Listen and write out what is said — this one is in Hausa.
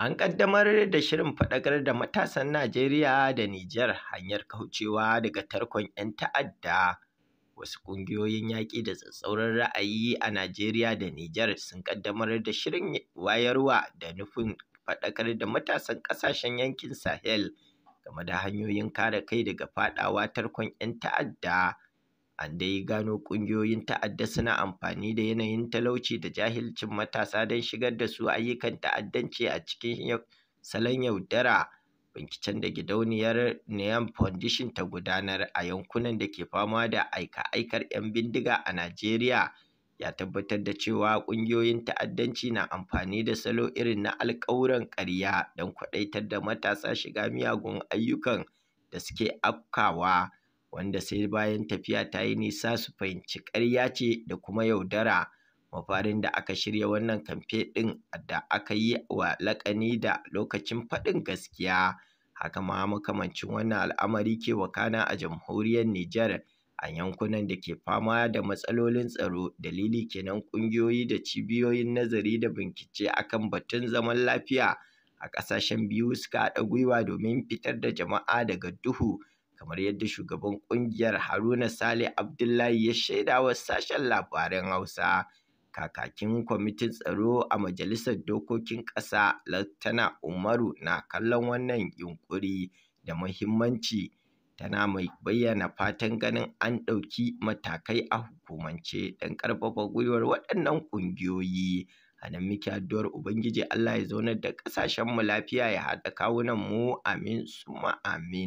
An ƙaddamar da shirin faɗakar da matasan Najeriya da Nijar hanyar kaucewa daga tarkon 'yan ta'adda. Wasu ƙungiyoyin yaƙi da tsatstsauran ra'ayi a Najeriya da Nijar sun ƙaddamar da shirin wayarwa da nufin faɗakar da matasan ƙasashen yankin Sahel game da hanyoyin kare kai daga faɗawa tarkon 'yan ta'adda. An dai gano ƙungiyoyin ta'adda suna amfani da yanayin talauci da jahilcin matasa don shigar da su ayyukan ta'addanci a cikin salon yaudara. Binciken da gidauniyar Neon Foundation ta gudanar a yankunan da ke fama da aika-aikar 'yan bindiga a Najeriya ya tabbatar da cewa ƙungiyoyin ta'addanci na amfani da salo irin na alƙawuran ƙarya don kwaɗaitar da matasa shiga miyagun ayyukan da suke afkawa wanda sai bayan tafiya ta yi nisa su fahimci karya ce da kuma yaudara mafarin da aka shirya wannan kamfe ɗin da aka yi wa laƙani da lokacin faɗin gaskiya haka ma makamancin wannan al'amari ke wakana a jamhuriyar Nijar a yankunan da ke fama da matsalolin tsaro dalili kenan ƙungiyoyi da cibiyoyin nazari da bincike akan batun zaman lafiya a ƙasashen biyu suka haɗa gwiwa domin fitar da jama'a daga duhu kamar yadda shugaban ƙungiyar Haruna Sale Abdullahi ya shaida wa sashen labaran Hausa. Kakakin kwamitin tsaro a Majalisar Dokokin Ƙasa Laktana Umaru na kallon wannan yunkuri da muhimmanci tana mai bayyana fatan ganin an ɗauki matakai a hukumance don ƙarfafa gwiwar waɗannan ƙungiyoyi. A nan muke addu'ar Ubangiji Allah ya zaunar da ƙasashenmu lafiya ya haɗa kawunan mu amin suma amin.